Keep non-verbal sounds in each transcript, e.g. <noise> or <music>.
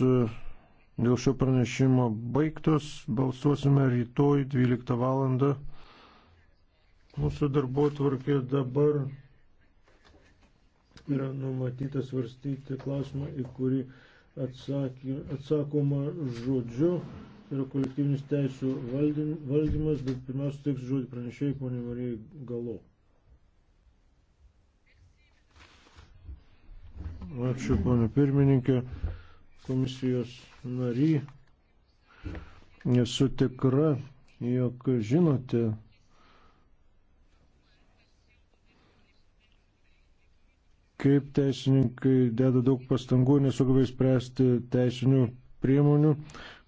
dėl šio pranešimo baigtos. Balsuosime rytoj 12 val. Mūsų darbo tvarkė dabar yra numatyta svarstyti klausimą, į kurį atsakė, atsakoma žodžiu. Yra kolektyvinis teisų valdymas, bet pirmiausia teiks žodį pranešėjai, ponė Marijai Galo. Ačiū, ponė pirmininkė komisijos nary, esu tikra, jog žinote, kaip teisininkai deda daug pastangų, nesugeba įspręsti teisinių priemonių,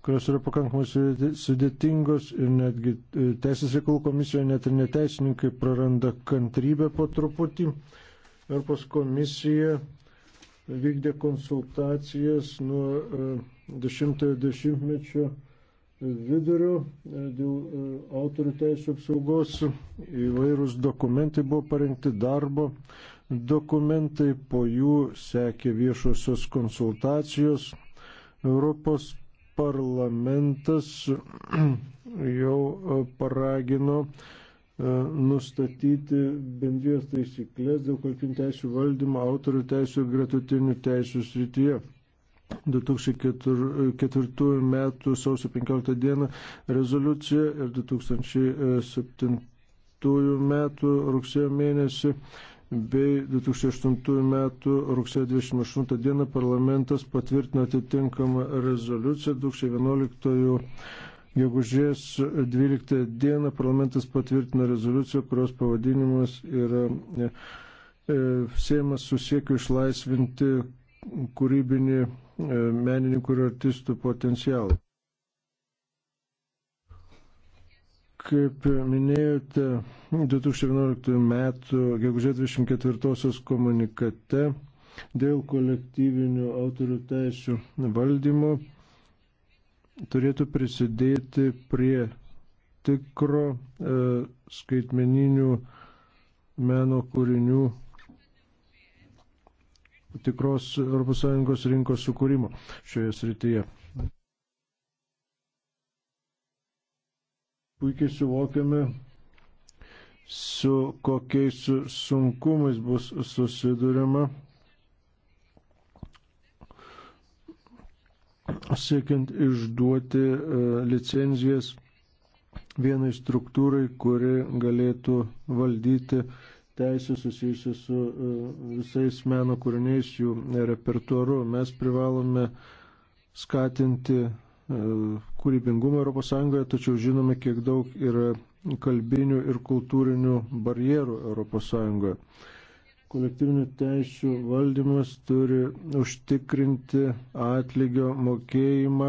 kurios yra pakankamai sudėtingos ir netgi e, Teisės reikalų komisijoje net ir neteisininkai praranda kantrybę po truputį. Europos komisija vykdė konsultacijas nuo 10-mečio e, vidurio e, dėl e, autorių teisų apsaugos. Įvairūs dokumentai buvo parengti darbo dokumentai, po jų sekė viešosios konsultacijos. Europos parlamentas <clears throat> jau paragino E, nustatyti bendrijos taisyklės dėl kolektyvinių teisų valdymo autorių teisų ir gretutinių teisų srityje. 2004 m. sausio 15 d. rezoliucija ir 2007 m. rugsėjo mėnesį bei 2008 m. rugsėjo 28 d. parlamentas patvirtino atitinkamą rezoliuciją 2011 m. Gegužės 12 dieną parlamentas patvirtino rezoliuciją, kurios pavadinimas yra e, e, siejamas su siekiu išlaisvinti kūrybinį e, menininkų ir artistų potencialą. Kaip minėjote, 2011 metų gegužės 24 komunikate dėl kolektyvinių autorių teisų valdymo turėtų prisidėti prie tikro e, skaitmeninių meno kūrinių tikros ES rinkos sukūrimo šioje srityje. Puikiai suvokiame, su kokiais sunkumais bus susidurima siekiant išduoti e, licenzijas vienai struktūrai, kuri galėtų valdyti teisę susijusią su e, visais meno kūriniais, jų repertuaru. Mes privalome skatinti e, kūrybingumą ES, tačiau žinome, kiek daug yra kalbinių ir kultūrinių barjerų ES kolektyvinių teisų valdymas turi užtikrinti atlygio mokėjimą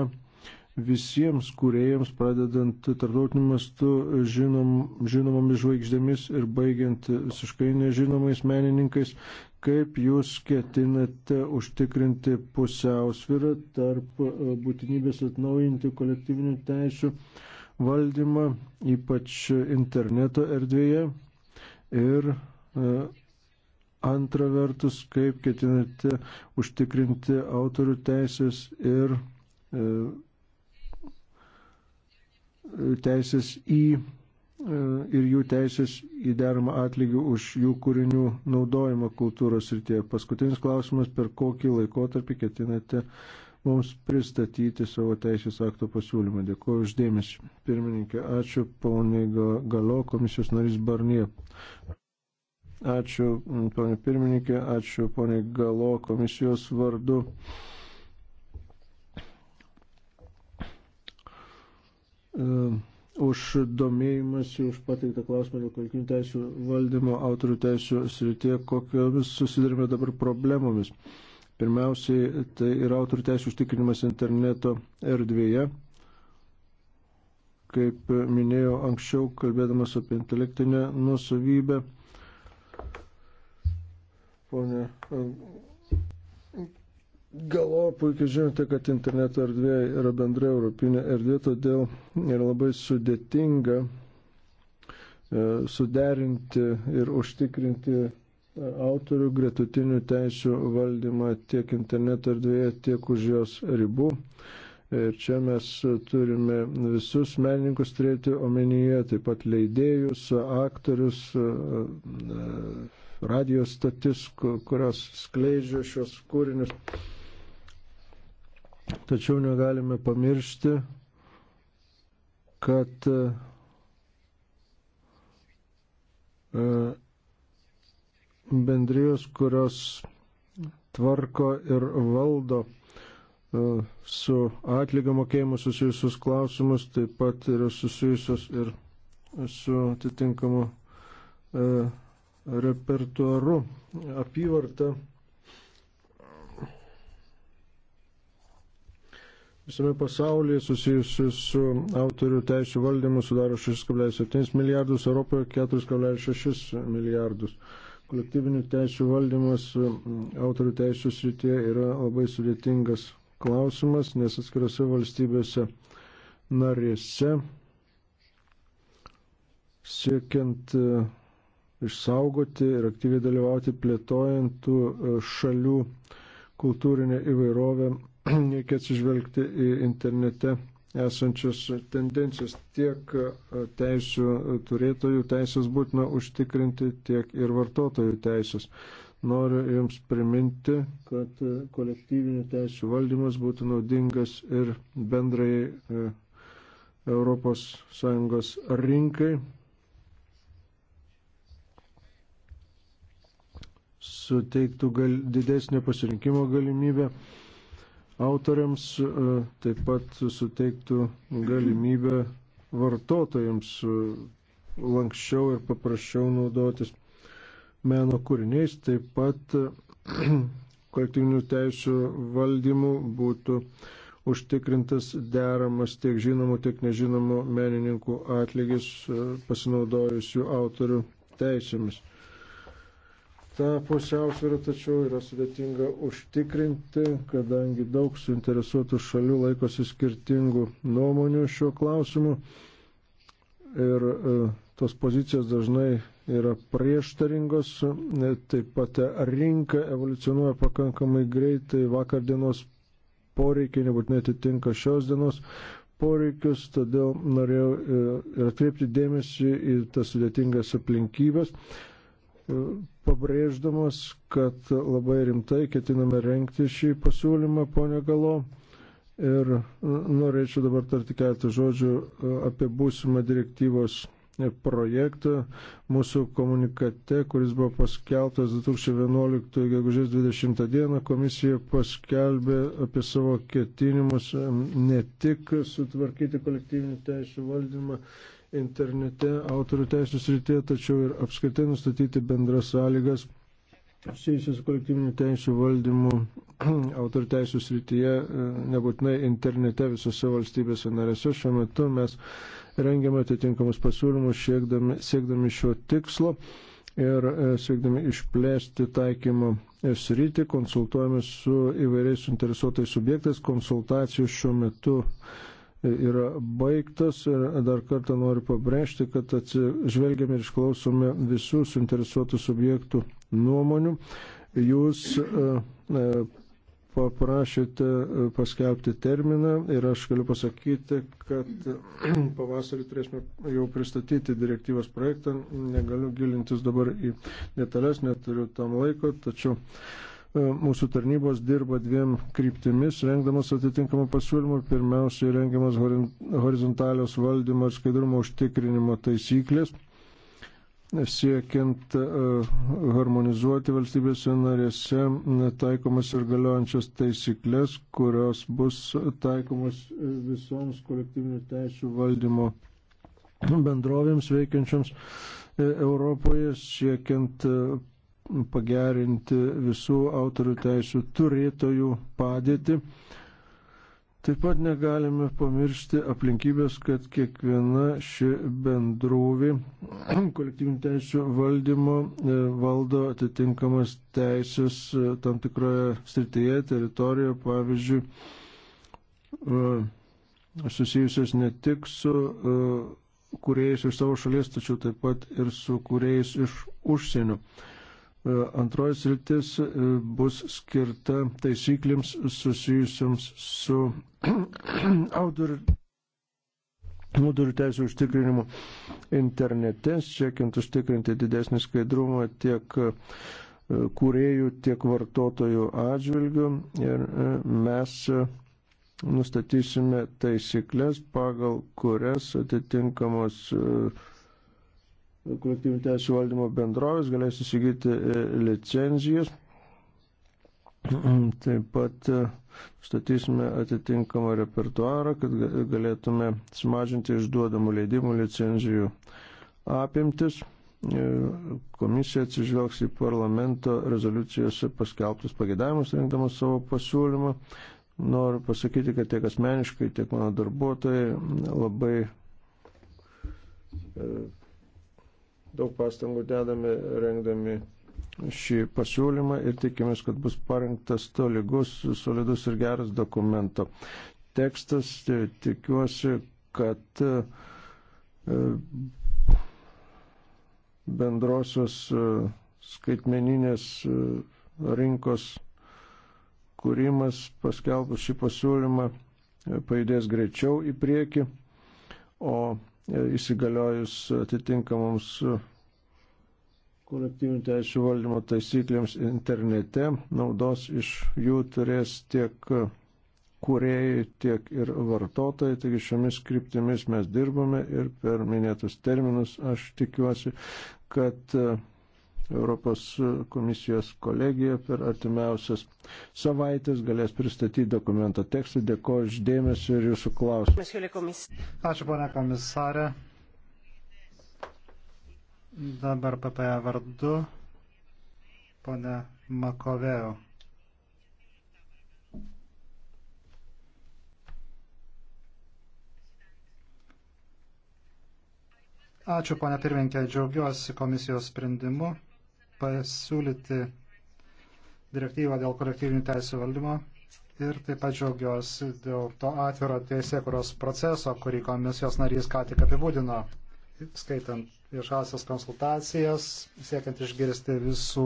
visiems kūrėjams, pradedant tarptautiniu mastu žinom, žinomomis žvaigždėmis ir baigiant visiškai nežinomais menininkais, kaip jūs ketinate užtikrinti pusiausvyrą tarp e, būtinybės atnaujinti kolektyvinių teisų valdymą, ypač interneto erdvėje ir e, Antra vertus, kaip ketinate užtikrinti autorių teisės ir e, teisės į e, ir jų teisės į deramą atlygį už jų kūrinių naudojimą kultūros rytėje. Paskutinis klausimas, per kokį laikotarpį ketinate mums pristatyti savo teisės akto pasiūlymą. Dėkuoju uždėmesi. Pirmininkė, ačiū, ponė Galo, komisijos narys Barnie. Ačiū, ponė pirmininkė, ačiū, ponė Galo komisijos vardu. E, už domėjimąsi, už pateiktą klausimą dėl kolektyvinių teisų valdymo, autorių teisų srityje, kokiomis susidurime dabar problemomis. Pirmiausiai, tai yra autorių teisų užtikrinimas interneto erdvėje. Kaip minėjau anksčiau, kalbėdamas apie intelektinę nusavybę, ponė Galo puikiai žinote, kad interneto erdvė yra bendra europinė erdvė, todėl yra labai sudėtinga e, suderinti ir užtikrinti e, autorių gretutinių teisų valdymą tiek interneto erdvėje, tiek už jos ribų. Ir čia mes turime visus menininkus turėti omenyje, taip pat leidėjus, aktorius, e, radijos statis, kurios skleidžia šios kūrinius. Tačiau negalime pamiršti, kad e, e, bendrijos, kurios tvarko ir valdo e, su atlygio mokėjimu susijusius klausimus, taip pat yra susijusios ir su atitinkamu repertuaru apyvarta visame pasaulyje susijusi su autorių teisų valdymu sudaro 6,7 milijardus, Europoje 4,6 milijardus. Kolektyvinių teisų valdymas mm, autorių teisų srityje yra labai sudėtingas klausimas, nes atskirose valstybėse narėse siekiant uh, išsaugoti ir aktyviai dalyvauti plėtojantų e, šalių kultūrinę įvairovę, <clears throat> reikia atsižvelgti į internete esančias tendencijas tiek e, teisų turėtojų teisės būtina užtikrinti, tiek ir vartotojų teisės. Noriu Jums priminti, kad e, kolektyvinių teisų valdymas būtų naudingas ir bendrai ES rinkai, suteiktų gal, didesnį pasirinkimo galimybę autoriams, e, taip pat suteiktų galimybę vartotojams e, lankščiau ir paprasčiau naudotis meno kūriniais, taip pat e, <clears throat> kolektyvinių teisų valdymų būtų užtikrintas deramas tiek žinomų, tiek nežinomų menininkų atlygis pasinaudojus jų autorių teisėmis tą pusiausvyrą, tačiau yra sudėtinga užtikrinti, kadangi daug suinteresuotų šalių laikosi skirtingų nuomonių šiuo klausimu ir e, tos pozicijos dažnai yra prieštaringos, e, taip pat e, rinka evoliucionuoja pakankamai greitai, vakar dienos poreikiai nebūtinai atitinka šios dienos poreikius, todėl norėjau ir atkreipti dėmesį į tas sudėtingas aplinkybės pabrėždamas, kad labai rimtai ketiname renkti šį pasiūlymą, ponė Galo. Ir e, norėčiau dabar tarti keletą žodžių e, apie būsimą direktyvos e, projektą mūsų komunikate, kuris buvo paskeltas 2011 gegužės 20 dieną, komisija paskelbė apie savo ketinimus ne tik sutvarkyti kolektyvinį teisų valdymą internete autorių teisų srityje, tačiau ir apskritai nustatyti bendras sąlygas susijusius su kolektyviniu teisų valdymu <clears throat> autorių teisų srityje, e, nebūtinai internete visose valstybėse narėse. Šiuo metu mes rengiame atitinkamus pasiūlymus siekdami, siekdami šio tikslo ir e, siekdami išplėsti taikymo e, sritį, konsultuojame su įvairiais suinteresuotais subjektais, konsultacijų šiuo metu yra baigtas ir dar kartą noriu pabrėžti, kad atsižvelgiame ir išklausome visų suinteresuotų subjektų nuomonių. Jūs e, e, paprašėte paskelbti terminą ir aš galiu pasakyti, kad <clears throat> pavasarį turėsime jau pristatyti direktyvos projektą. Negaliu gilintis dabar į detalės, neturiu tam laiko, tačiau E, mūsų tarnybos dirba dviem kryptimis, rengdamas atitinkamą pasiūlymą. Pirmiausiai rengiamas horizontalios valdymo ir skaidrumo užtikrinimo taisyklės, siekiant e, harmonizuoti valstybėse narėse e, taikomas ir galiojančias taisyklės, kurios bus taikomas visoms kolektyvinių teisų valdymo bendrovėms veikiančioms Europoje siekiant pagerinti visų autorių teisų turėtojų padėtį. Taip pat negalime pamiršti aplinkybės, kad kiekviena ši bendrovė <clears throat> kolektyvinių teisų valdymo e, valdo atitinkamas teisės e, tam tikroje srityje, teritorijoje, pavyzdžiui, e, susijusios ne tik su kuriejais iš savo šalies, tačiau taip pat ir su kuriejais iš užsienio. E, antroji sritis e, bus skirta taisyklėms susijusiams su <clears throat> autorių, autorių teisų užtikrinimu internete, siekiant užtikrinti didesnį skaidrumą tiek e, kūrėjų, tiek vartotojų atžvilgių. Ir mes nustatysime taisyklės, pagal kurias atitinkamos uh, kolektyvinių teisų valdymo bendrovės galės įsigyti e, licenzijas. Taip pat e, statysime atitinkamą repertuarą, kad galėtume sumažinti išduodamų leidimų licenzijų apimtis. E, komisija atsižvelgs į parlamento rezoliucijose paskelbtus pagėdavimus, rinkdamas savo pasiūlymą. Noriu pasakyti, kad tiek asmeniškai, tiek mano darbuotojai labai daug pastangų dedame rengdami šį pasiūlymą ir tikimės, kad bus parengtas tolygus, solidus ir geras dokumento tekstas. E, tikiuosi, kad e, bendrosios e, skaitmeninės rinkos kūrimas paskelbus šį pasiūlymą pajudės greičiau į priekį, o įsigaliojus atitinkamoms kolektyvinių teisų valdymo taisyklėms internete. Naudos iš jų turės tiek kūrėjai, tiek ir vartotojai. Taigi šiomis kryptimis mes dirbame ir per minėtus terminus aš tikiuosi, kad Europos komisijos kolegija per artimiausias savaitės galės pristatyti dokumento tekstą. Dėkoju išdėmesi ir jūsų klausimus. Ačiū, ponia komisarė. Dabar PPE vardu, ponia Makovėjo. Ačiū, ponia pirmininkė, džiaugiuosi komisijos sprendimu pasiūlyti direktyvą dėl kolektyvinių teisų valdymo ir taip pat džiaugiuosi dėl to atviro teisėkuros proceso, kurį komisijos narys ką tik apibūdino, skaitant viešasias konsultacijas, siekiant išgirsti visų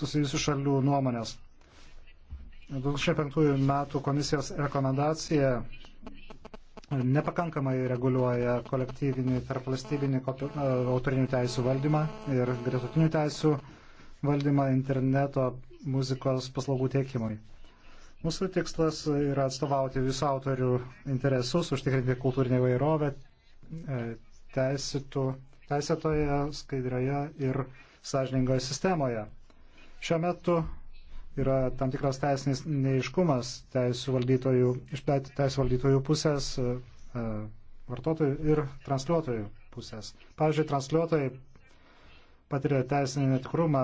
susijusių šalių nuomonės. 2005 metų komisijos rekomendacija nepakankamai reguliuoja kolektyvinį tarpvalstybinį autorinių teisų valdymą ir gretutinių teisų valdymą interneto muzikos paslaugų tiekimui. Mūsų tikslas yra atstovauti visų autorių interesus, užtikrinti kultūrinę įvairovę e, teisėtoje, skaidrioje ir sąžiningoje sistemoje. Šiuo metu yra tam tikras teisinis neiškumas teisų valdytojų, iš teisų valdytojų pusės, e, e, vartotojų ir transliuotojų pusės. Pavyzdžiui, transliuotojai patiria teisinį netikrumą,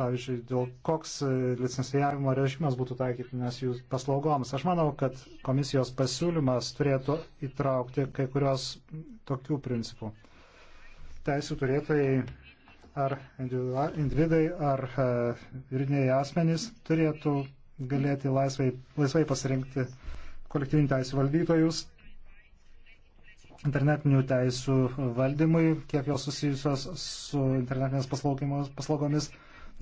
pavyzdžiui, dėl koks e, licencijavimo režimas būtų taikytinas jų paslaugoms. Aš manau, kad komisijos pasiūlymas turėtų įtraukti kai kurios tokių principų. Teisų turėtojai ar individai, ar e, juridiniai asmenys turėtų galėti laisvai, laisvai pasirinkti kolektyvinių teisų valdytojus internetinių teisų valdymui, kiek jos susijusios su internetinės paslaugomis,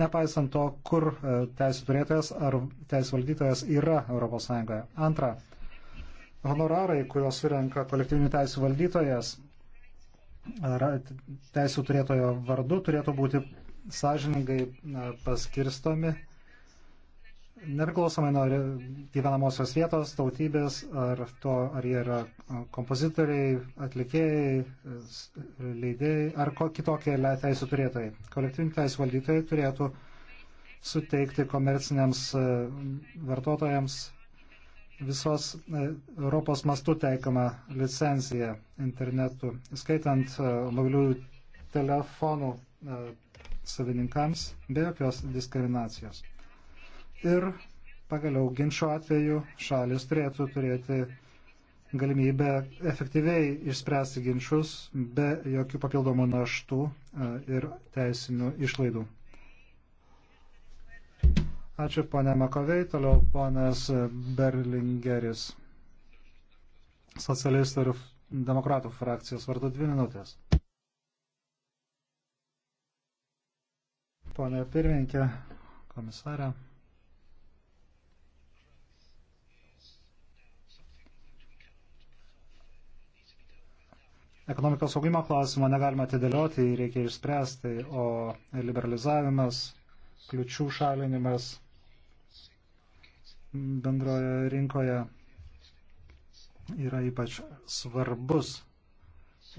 nepaisant to, kur e, teisų turėtojas ar teisų valdytojas yra ES. Antra, honorarai, kuriuos surenka kolektyvinių teisų valdytojas, teisų turėtojo vardu turėtų būti sąžiningai paskirstomi, nepriklausomai nuo gyvenamosios vietos, tautybės, ar to, ar jie yra kompozitoriai, atlikėjai, leidėjai, ar kitokie teisų turėtojai. Kolektyvinių teisų valdytojai turėtų suteikti komerciniams vartotojams visos e, Europos mastų teikama licencija internetu, skaitant e, mobiliųjų telefonų e, savininkams be jokios diskriminacijos. Ir pagaliau ginčio atveju šalis turėtų turėti galimybę efektyviai išspręsti ginčius be jokių papildomų naštų ir teisinių išlaidų. Ačiū, ponė Makovei. Toliau ponas Berlingeris, socialistų ir demokratų frakcijos vardu dvi minutės. Pone pirmininkė, komisarė. Ekonomikos augimo klausimą negalima atidėlioti, jį reikia išspręsti, o liberalizavimas, kliučių šalinimas bendroje rinkoje yra ypač svarbus,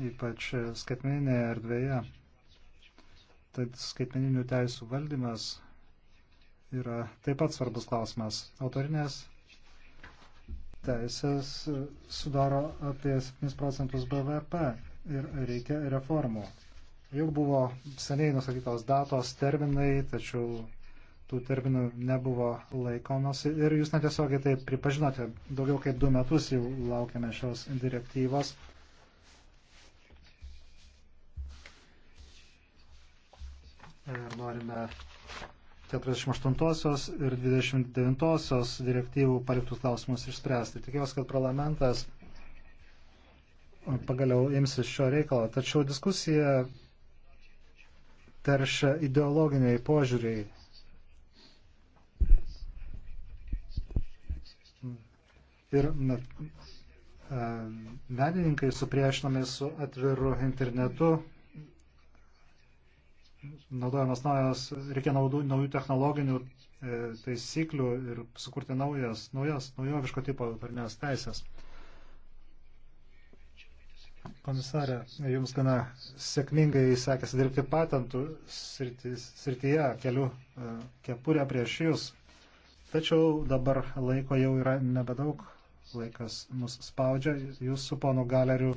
ypač skaitmeninėje erdvėje. Tad skaitmeninių teisų valdymas yra taip pat svarbus klausimas. Autorinės teisės sudaro apie 7 procentus BVP ir reikia reformų. Jau buvo seniai nusakytos datos, terminai, tačiau tų terminų nebuvo laikomas ir jūs netiesiogiai tai pripažinote. Daugiau kaip du metus jau laukiame šios direktyvos. Ir norime 48-osios ir 29-osios direktyvų paliktus klausimus išspręsti. Tikiuosi, kad parlamentas pagaliau imsis šio reikalo. Tačiau diskusija teršia ideologiniai požiūriai ir e, menininkai supriešinami su atviru internetu, naudojamas naujas, reikia naudų, naujų technologinių e, taisyklių ir sukurti naujas, naujas, naujoviško tipo autorinės teisės. Komisarė, jums gana sėkmingai sekėsi dirbti patentų srityje, kelių e, kepurę prieš jūs. Tačiau dabar laiko jau yra nebedaug laikas mus spaudžia. Jūs su ponu galeriu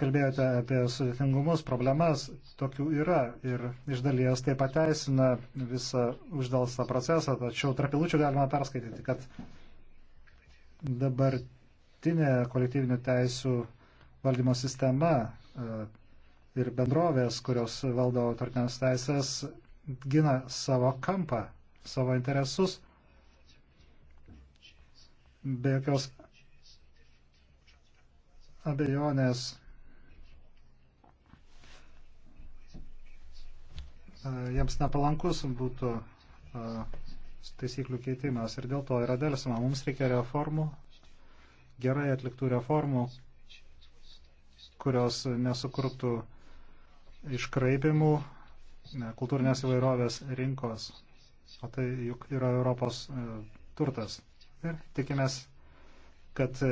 kalbėjote apie sudėtingumus, problemas. Tokių yra ir iš dalies tai pateisina visą uždalstą procesą, tačiau trapilučių galima perskaityti, kad dabartinė kolektyvinių teisų valdymo sistema e, ir bendrovės, kurios valdo autoritinės teisės, gina savo kampą, savo interesus be jokios abejonės jiems nepalankus būtų taisyklių keitimas ir dėl to yra dėlsima. Mums reikia reformų, gerai atliktų reformų, kurios nesukurtų iškraipimų kultūrinės įvairovės rinkos, o tai juk yra Europos e, turtas ir tikimės, kad e,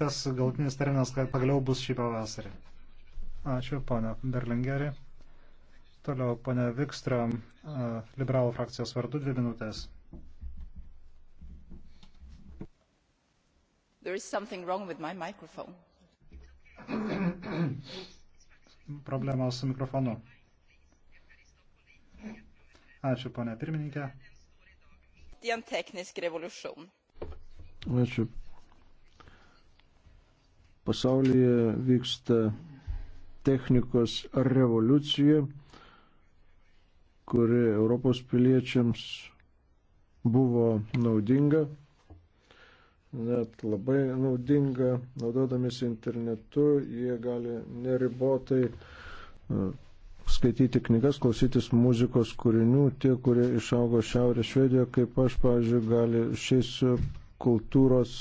tas galtinis terminas pagaliau bus šį pavasarį. Ačiū, ponia Berlingeri. Toliau, ponia Vikstram, e, liberalų frakcijos vardu, dvi minutės. There is something wrong with my microphone. <coughs> Problema su mikrofonu. Ačiū, ponia pirmininkė i en teknisk revoliucijon. Ačiū. Pasaulyje vyksta technikos revoliucija, kuri Europos piliečiams buvo naudinga, net labai naudinga, naudodamėsi internetu, jie gali neribotai skaityti knygas, klausytis muzikos kūrinių. Tie, kurie išaugo Šiaurės Švedijoje, kaip aš, pavyzdžiui, gali šiais kultūros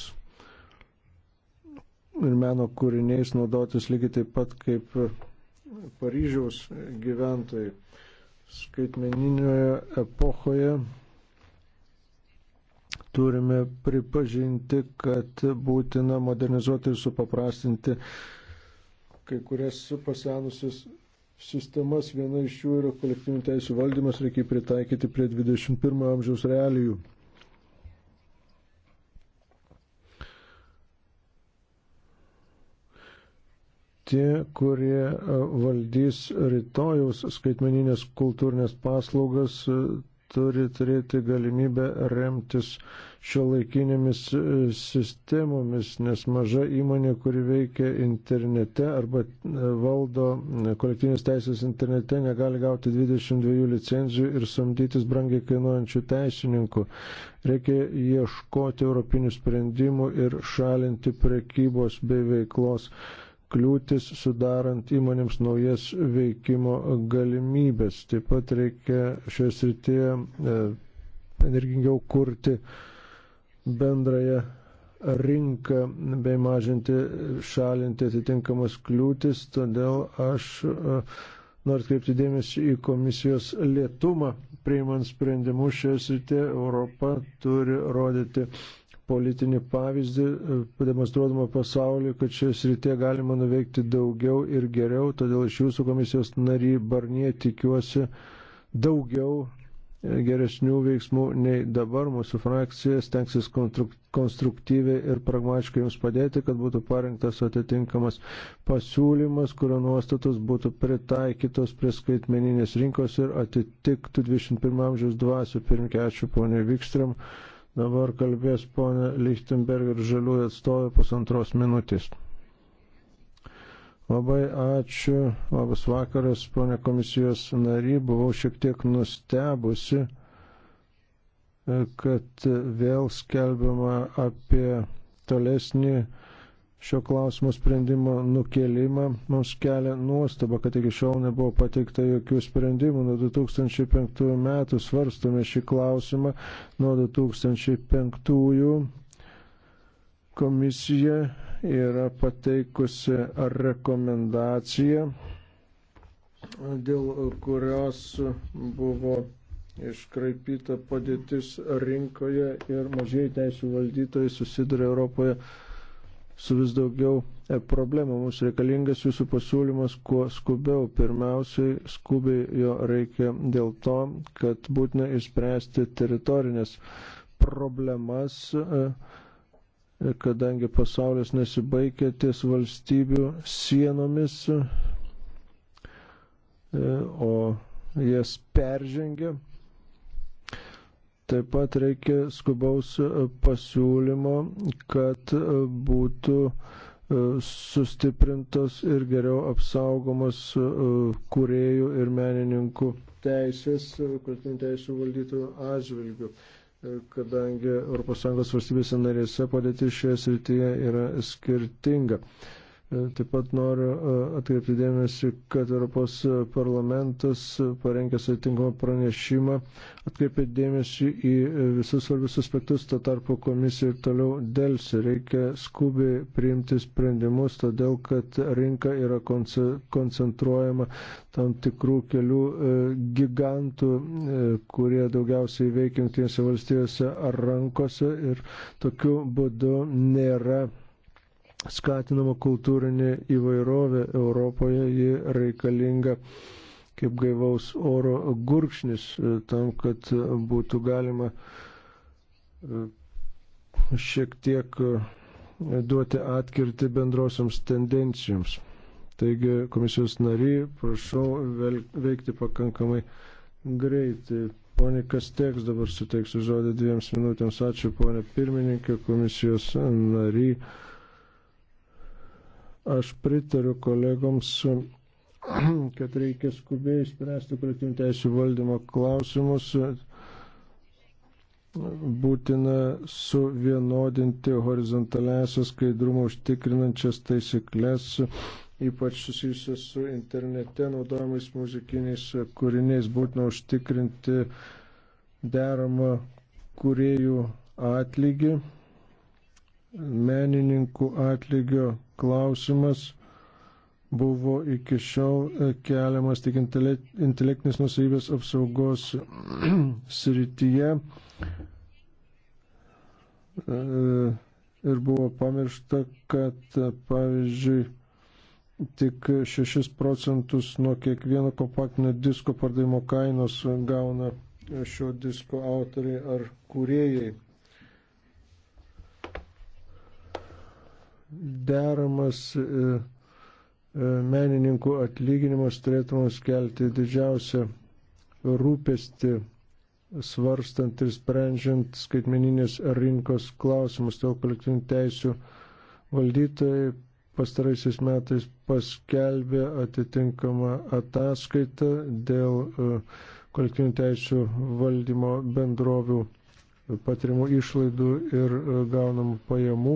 ir meno kūriniais naudotis lygiai taip pat kaip Paryžiaus gyventojai skaitmeninioje epochoje turime pripažinti, kad būtina modernizuoti ir supaprastinti kai kurias pasenusius sistemas, viena iš jų yra kolektyvinių teisų valdymas, reikia pritaikyti prie 21 amžiaus realijų. Tie, kurie valdys rytojaus skaitmeninės kultūrinės paslaugas, turi turėti galimybę remtis šio laikinėmis e, sistemomis, nes maža įmonė, kuri veikia internete arba e, valdo e, kolektyvinės teisės internete, negali gauti 22 licenzijų ir samdytis brangiai kainuojančių teisininkų. Reikia ieškoti europinių sprendimų ir šalinti prekybos bei veiklos kliūtis, sudarant įmonėms naujas veikimo galimybės. Taip pat reikia šioje srityje e, energingiau kurti bendrąją rinką bei mažinti, šalinti atitinkamas kliūtis. Todėl aš e, noriu atkreipti dėmesį į komisijos lėtumą priimant sprendimus šioje srityje. Europa turi rodyti politinį pavyzdį, e, pademonstruodama pasauliu, kad šioje srityje galima nuveikti daugiau ir geriau, todėl iš jūsų komisijos nary Barnie tikiuosi daugiau e, geresnių veiksmų nei dabar. Mūsų frakcija stengsis konstruktyviai ir pragmatiškai jums padėti, kad būtų parinktas atitinkamas pasiūlymas, kurio nuostatos būtų pritaikytos prie skaitmeninės rinkos ir atitiktų 21 amžiaus dvasių. Pirmkia, ačiū poniai Vikstram. Dabar kalbės ponė Lichtenberger žaliųjų atstovė pusantros minutės. Labai ačiū, labas vakaras, ponė komisijos nary, buvau šiek tiek nustebusi, kad vėl skelbiama apie tolesnį šio klausimo sprendimo nukelimą mums kelia nuostaba, kad iki šiol nebuvo pateikta jokių sprendimų. Nuo 2005 metų svarstome šį klausimą. Nuo 2005 komisija yra pateikusi rekomendaciją, dėl kurios buvo iškraipyta padėtis rinkoje ir mažieji teisų valdytojai susiduria Europoje su vis daugiau e, problemų. Mums reikalingas jūsų pasiūlymas kuo skubiau. Pirmiausiai, skubiai jo reikia dėl to, kad būtina išspręsti teritorinės problemas, e, e, kadangi pasaulis nesibaigia ties valstybių sienomis, o jas peržengia. Taip pat reikia skubaus e, pasiūlymo, kad e, būtų e, sustiprintos ir geriau apsaugomos kuriejų ir menininkų teisės, kultūrinių teisų valdytojų atžvilgių, kadangi ES valstybėse narėse padėtis šioje srityje yra skirtinga. Taip pat noriu e, atkreipti dėmesį, kad Europos parlamentas parengęs atitinkamą pranešimą atkreipė dėmesį į visus svarbius aspektus, to tarpo komisija ir toliau dėlsi. Reikia skubiai priimti sprendimus, todėl kad rinka yra koncentruojama tam tikrų kelių e, gigantų, e, kurie daugiausiai veikia jungtinėse valstijose ar rankose ir tokiu būdu nėra skatinama kultūrinė įvairovė Europoje, ji reikalinga kaip gaivaus oro gurkšnis e, tam, kad būtų galima e, šiek tiek e, duoti atkirti bendrosioms tendencijoms. Taigi, komisijos nariai, prašau veikti pakankamai greitai. Pone Kasteks dabar suteiksiu žodį dviems minutėms. Ačiū, ponė pirmininkė, komisijos nariai. Aš pritariu kolegoms, <clears throat> kad reikia skubiai spręsti kolektyvinių teisų valdymo klausimus. Būtina suvienodinti horizontalesias skaidrumo užtikrinančias taisyklės ypač susijusios su internete naudojamais muzikiniais kūriniais, būtina užtikrinti deramą kuriejų atlygį menininkų atlygio klausimas buvo iki šiol e, keliamas tik intelektinės nusavybės apsaugos <clears throat> srityje e, ir buvo pamiršta, kad e, pavyzdžiui tik 6 procentus nuo kiekvieno kompaktinio disko pardavimo kainos gauna šio disko autoriai ar kūrėjai. deramas e, e, menininkų atlyginimas turėtumas kelti didžiausią rūpestį svarstant ir sprendžiant skaitmeninės rinkos klausimus. Tau kolektyvinių teisių valdytojai pastaraisiais metais paskelbė atitinkamą ataskaitą dėl e, kolektyvinių teisių valdymo bendrovių patiriamų išlaidų ir e, gaunamų pajamų.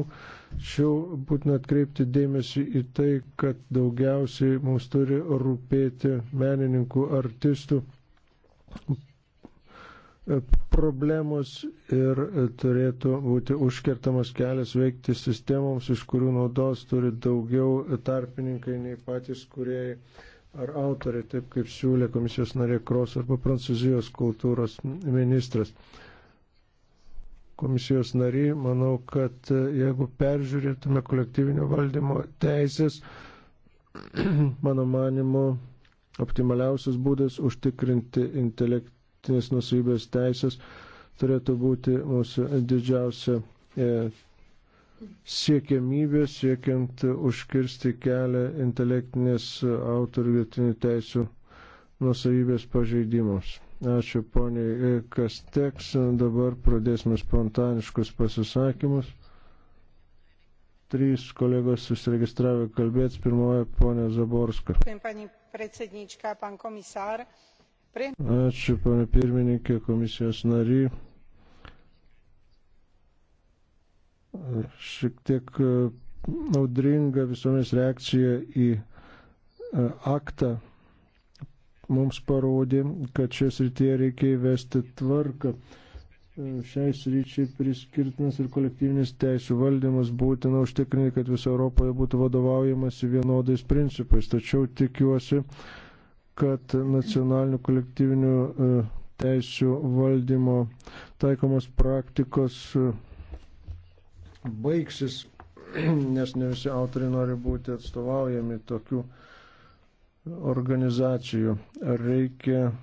Tačiau būtina atkreipti dėmesį į tai, kad daugiausiai mums turi rūpėti menininkų, artistų e, problemos ir e, turėtų būti užkertamas kelias veikti sistemoms, iš kurių naudos turi daugiau tarpininkai nei patys kuriejai ar autoriai, taip kaip siūlė komisijos narė Kros arba Prancūzijos kultūros ministras komisijos nariai, manau, kad e, jeigu peržiūrėtume kolektyvinio valdymo teisės, <clears throat> mano manimu, optimaliausias būdas užtikrinti intelektinės nusavybės teisės turėtų būti mūsų didžiausia e, siekiamybė, siekiant užkirsti kelią intelektinės autorių vietinių teisų nusavybės pažeidimams. Ačiū poniai e, Kasteks. Dabar pradėsime spontaniškus pasisakymus. Trys kolegos susiregistravę kalbėti. Pirmoji ponė Zaborska. Ačiū ponė pirmininkė, komisijos nary. Šiek tiek e, audringa visuomis reakcija į e, aktą mums parodė, kad šios rytyje reikia įvesti tvarką. Šiai sryčiai priskirtinas ir kolektyvinis teisų valdymas būtina užtikrinti, kad viso Europoje būtų vadovaujamasi vienodais principais. Tačiau tikiuosi, kad nacionalinių kolektyvinių e, teisų valdymo taikomos praktikos e, baigsis, <clears throat> nes ne visi autoriai nori būti atstovaujami tokių organizacijų. Ar reikia e,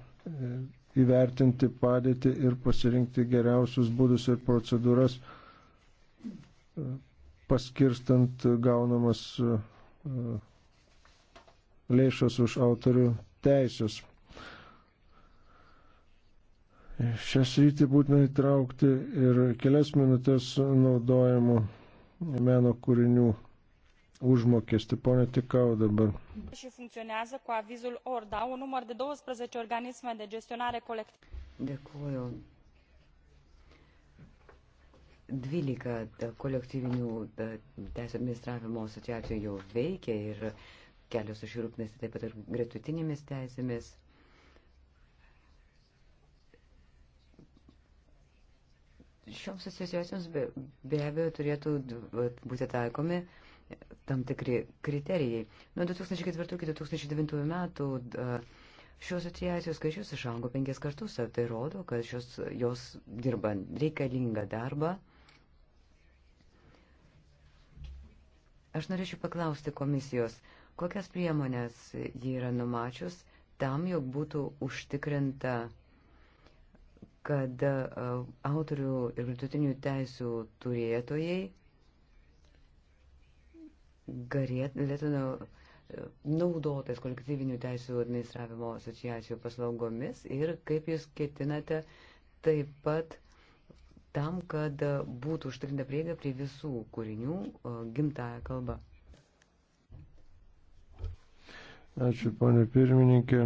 įvertinti padėtį ir pasirinkti geriausius būdus ir procedūras, e, paskirstant gaunamas e, lėšas už autorių teisės. Šią sritį būtina įtraukti ir kelias minutės naudojimų meno kūrinių užmokestį. Pone Tikau dabar. Și funcționează cu avizul ORDA un număr de 12 organisme de gestionare colectivă. Dėkuoju. 12 kolektyvinių teisų administravimo asociacijų jau e veikia ir kelios iš jų rūpnasi taip pat ir gretutinėmis teisėmis. Šioms asociacijoms be, be abejo turėtų būti taikomi uh, tam tikri kriterijai. Nuo 2004-2009 metų šios asociacijos skaičius išaugo penkias kartus. Tai rodo, kad šios, jos dirba reikalingą darbą. Aš norėčiau paklausti komisijos, kokias priemonės jį yra numačius tam, jog būtų užtikrinta, kad autorių ir gretutinių teisų turėtojai galėtume naudotis kolektyvinių teisų administravimo asociacijų paslaugomis ir kaip jūs ketinate taip pat tam, kad būtų užtikrinta prieiga prie visų kūrinių e, gimtaja kalba. Ačiū, ponė pirmininkė.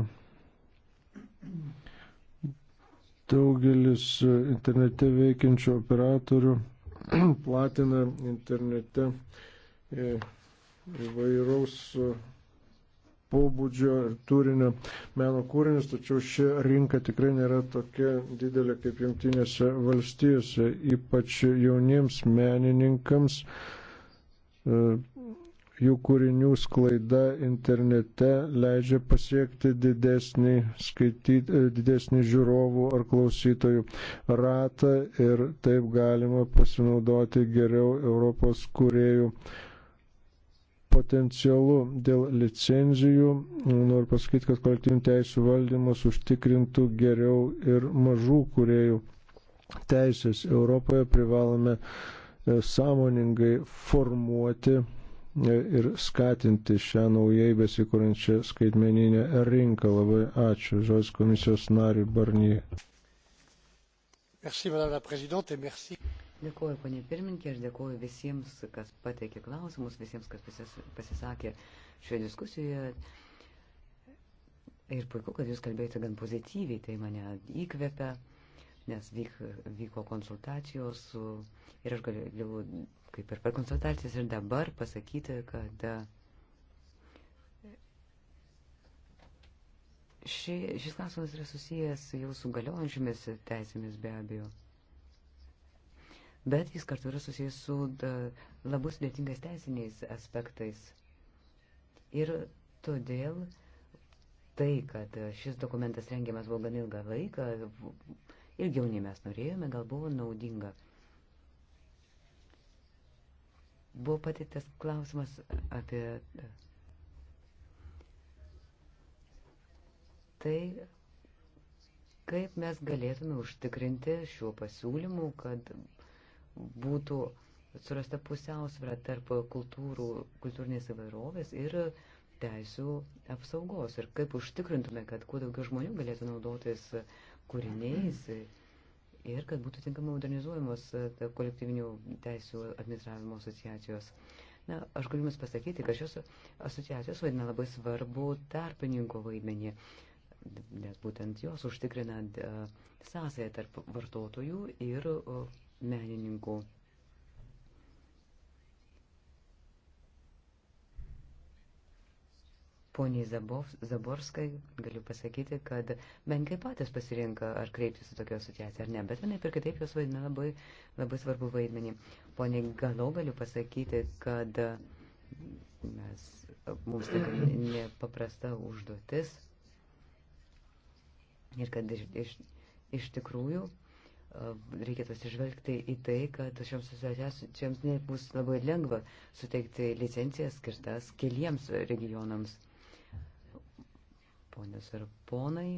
Daugelis internete veikiančių operatorių <clears throat> platina internete e, įvairaus e, pobūdžio ir turinio meno kūrinius, tačiau ši rinka tikrai nėra tokia didelė kaip jungtinėse valstijose, ypač jauniems menininkams. E, jų kūrinių sklaida internete leidžia pasiekti didesnį, skaityt, e, didesnį žiūrovų ar klausytojų ratą ir taip galima pasinaudoti geriau Europos kūrėjų uh, potencialu dėl licenzijų. Noriu pasakyti, kad kolektyvinių teisų valdymas užtikrintų geriau ir mažų kuriejų teisės. Europoje privalome e, sąmoningai formuoti e, ir skatinti šią naujai besikūrinčią skaitmeninę rinką. Labai ačiū. Žodis komisijos nariui Barnie. Merci, Madame la Présidente, et merci. Dėkuoju, ponė pirmininkė, ir dėkuoju visiems, kas pateikė klausimus, visiems, kas pasisakė šioje diskusijoje. Ir puiku, kad jūs kalbėjote gan pozityviai, tai mane įkvepia, nes vyk, vyko konsultacijos su, ir aš galiu, kaip ir per konsultacijas ir dabar pasakyti, kad ši, šis klausimas yra susijęs jau su galiojančiomis teisėmis be abejo bet jis kartu yra susijęs su da, labai sudėtingais teisiniais aspektais. Ir todėl tai, kad šis dokumentas rengiamas buvo gan ilgą laiką, ilgiau nei mes norėjome, gal buvo naudinga. Buvo pateiktas klausimas apie tai, kaip mes galėtume užtikrinti šiuo pasiūlymu, kad būtų surasta pusiausvėra tarp kultūrų, kultūrinės įvairovės ir teisų apsaugos ir kaip užtikrintume, kad kuo daugiau žmonių galėtų naudotis kūriniais ir kad būtų tinkamai modernizuojamos e, kolektyvinių teisų administravimo asociacijos. Na, aš galiu Jums pasakyti, kad šios asociacijos vaidina labai svarbu tarpininko vaidmenį, nes būtent jos užtikrinant e, sąsąją tarp vartotojų ir menininkų. Poniai Zaborskai galiu pasakyti, kad menkai patys pasirinka, ar kreiptis į tokią asociaciją ar ne, bet vienaip ir kitaip jos vaidina labai, labai svarbu vaidmenį. Poniai Galo galiu pasakyti, kad mes, mums tai nepaprasta užduotis ir kad iš, iš, iš tikrųjų Ehm, reikėtų atsižvelgti į tai, kad šioms asociacijoms nebus labai lengva suteikti licencijas skirtas keliems regionams. Ponios ir ponai,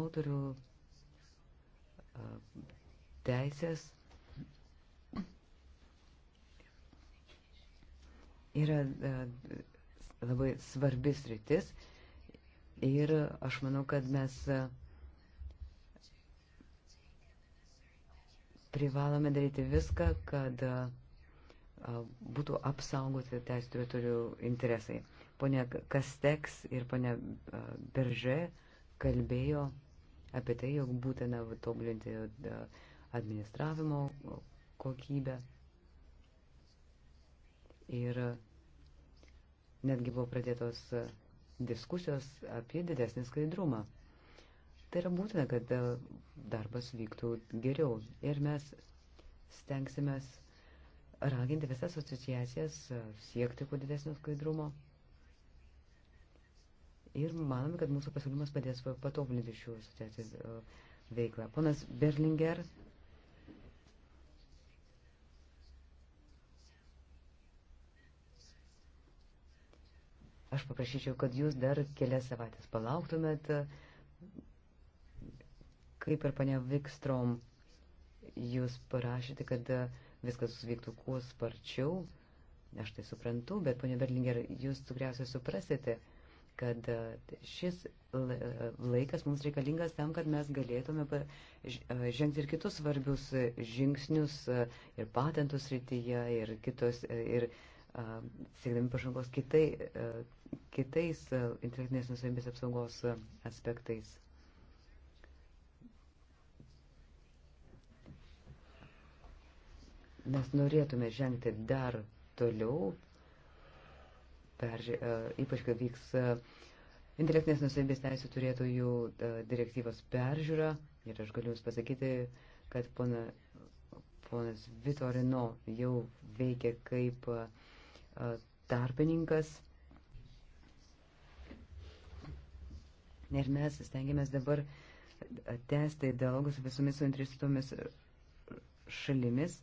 autorių ehm, teisės yra ehm, labai svarbis rytis ir aš manau, kad mes Privalome daryti viską, kad būtų apsaugoti teisų turėtojų interesai. Pone Kasteks ir pone Beržė kalbėjo apie tai, jog būtina tobulinti administravimo kokybę. Ir netgi buvo pradėtos diskusijos apie didesnį skaidrumą. Tai yra būtina, kad darbas vyktų geriau. Ir mes stengsimės raginti visas asociacijas e, siekti kuo didesnio skaidrumo. Ir manome, kad mūsų pasiūlymas padės patobulinti šių asociacijų e, veiklą. Ponas Berlinger. Aš paprašyčiau, kad jūs dar kelias savaitės palauktumėt kaip ir pane Vikstrom, jūs parašėte, kad viskas vyktų kuo sparčiau. Aš tai suprantu, bet pane Berlinger, jūs tikriausiai suprasite, kad e, šis laikas mums reikalingas tam, kad mes galėtume e, žengti ir kitus svarbius žingsnius e, ir patentų srityje ir kitos ir siekdami pažangos kitai, kitais intelektinės nusavybės apsaugos aspektais. Mes norėtume žengti dar toliau, per, e, ypač kad vyks e, intelektinės nusavybės teisų turėtojų e, direktyvos peržiūra. Ir aš galiu Jums pasakyti, kad pona, ponas Vitorino jau veikia kaip tarpininkas. Ir mes stengiamės dabar tęsti dialogus su visomis suinteresuotomis šalimis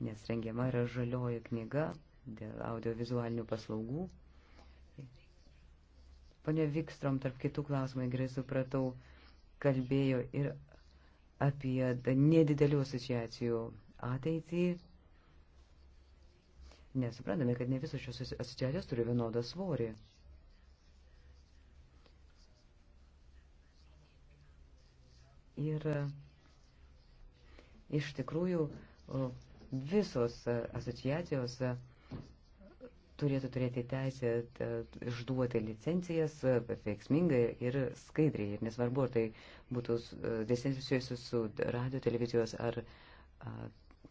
nes rengiama yra žalioji knyga dėl audiovizualinių paslaugų. Pone Vikstrom, tarp kitų klausimų, gerai supratau, kalbėjo ir apie nedidelių asociacijų ateitį. Nesuprantame, kad ne visos šios asociacijos turi vienodą svorį. Ir e, iš tikrųjų visos asociacijos turėtų turėti teisę e, išduoti licencijas e, veiksmingai ir skaidriai. Ir nesvarbu, ar tai būtų licencijos e, su radio, televizijos ar a,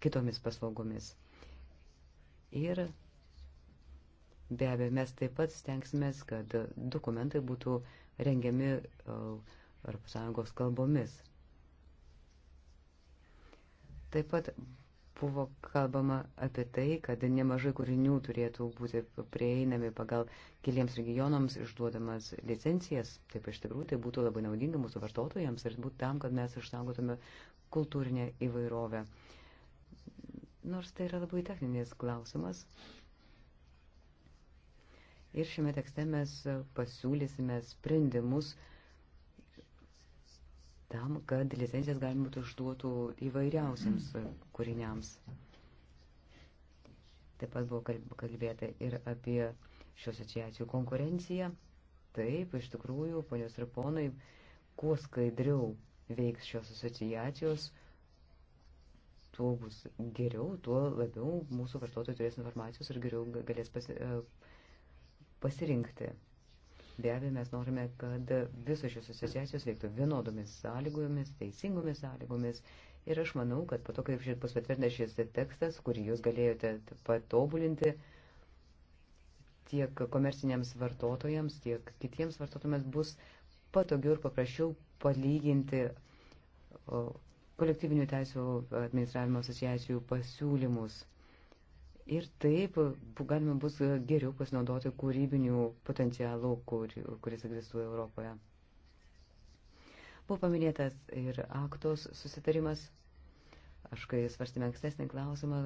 kitomis paslaugomis. Ir be abejo, mes taip pat stengsimės, kad dokumentai būtų rengiami ES kalbomis. Taip pat buvo kalbama apie tai, kad nemažai kūrinių turėtų būti prieinami pagal keliems regionams išduodamas licencijas. Taip iš tikrųjų tai būtų labai naudinga mūsų vartotojams ir būtų tam, kad mes išsaugotume kultūrinę įvairovę. Nors tai yra labai techninis klausimas. Ir šiame tekste mes pasiūlysime sprendimus, uh, tam, kad licencijas galima būtų išduotų įvairiausiams kūriniams. Taip pat buvo kalbėta ir apie šios asociacijų konkurenciją. Taip, iš tikrųjų, ponios ir ponai, kuo skaidriau veiks šios asociacijos, tuo bus geriau, tuo labiau mūsų vartotojai turės informacijos ir geriau galės pasi, e, pasirinkti. Be abejo, mes norime, kad visos šios asociacijos veiktų vienodomis sąlygomis, teisingomis sąlygomis. Ir aš manau, kad po to, kai bus patvirtintas šis tekstas, kurį jūs galėjote patobulinti tiek komerciniams vartotojams, tiek kitiems vartotojams, bus patogiau ir paprasčiau palyginti kolektyvinių teisų administravimo asociacijų pasiūlymus. Ir taip galima bus geriau pasinaudoti kūrybinių potencialų, kur, kuris egzistuoja Europoje. Buvo paminėtas ir aktos susitarimas. Aš, kai svarstėme ankstesnį klausimą,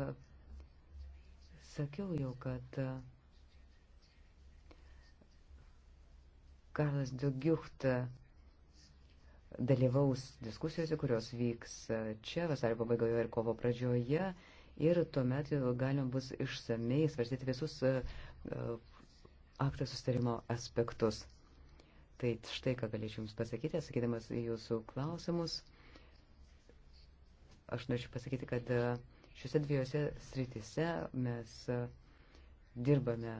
sakiau jau, kad Karlas Dugiucht dalyvaus diskusijose, kurios vyks čia vasario pabaigoje ir kovo pradžioje ir tuomet galima bus išsamei svarstyti visus e, e, aktą sustarimo aspektus. Tai štai ką galėčiau Jums pasakyti, sakydamas Jūsų klausimus. Aš norėčiau pasakyti, kad e, šiuose dviejose sritise mes dirbame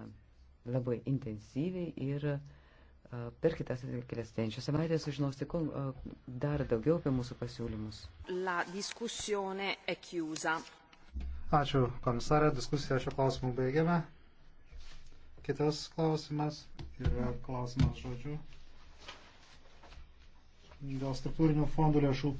labai intensyviai ir per kitas kelias tenčio savaitės sužinosite dar daugiau apie mūsų pasiūlymus. La diskusione è chiusa. Ačiū, komisarė. Diskusiją šio klausimu baigiame. Kitas klausimas yra klausimas žodžiu dėl struktūrinių fondų lėšų